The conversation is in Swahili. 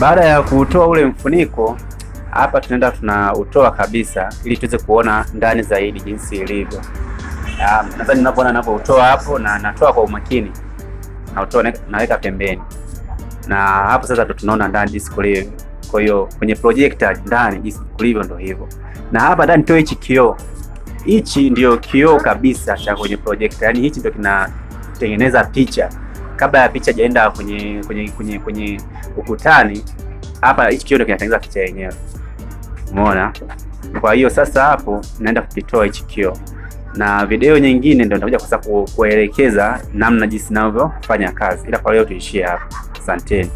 Baada ya kutoa ule mfuniko hapa, tunaenda tunautoa kabisa, ili tuweze kuona ndani zaidi jinsi ilivyo. Nadhani unavyoona ninavyoutoa hapo, na natoa kwa umakini, nautoa naweka pembeni, na hapo sasa ndo tunaona ndani jinsi kulivyo. Kwa hiyo kwenye projector ndani jinsi kulivyo ndo hivyo, na hapa ndani toa hichi kioo. Hichi ndio kioo kabisa cha kwenye projector, yani hichi ndio kinatengeneza picha kabla ya picha jaenda kwenye kwenye kwenye kwenye ukutani, hapa hichi kiodo kinatengeneza picha yenyewe, umeona? Kwa hiyo sasa hapo naenda kukitoa hichi kio, na video nyingine ndio nitakuja sababu kuelekeza namna jinsi ninavyofanya kazi, ila kwa leo tuishie hapa. Asanteni.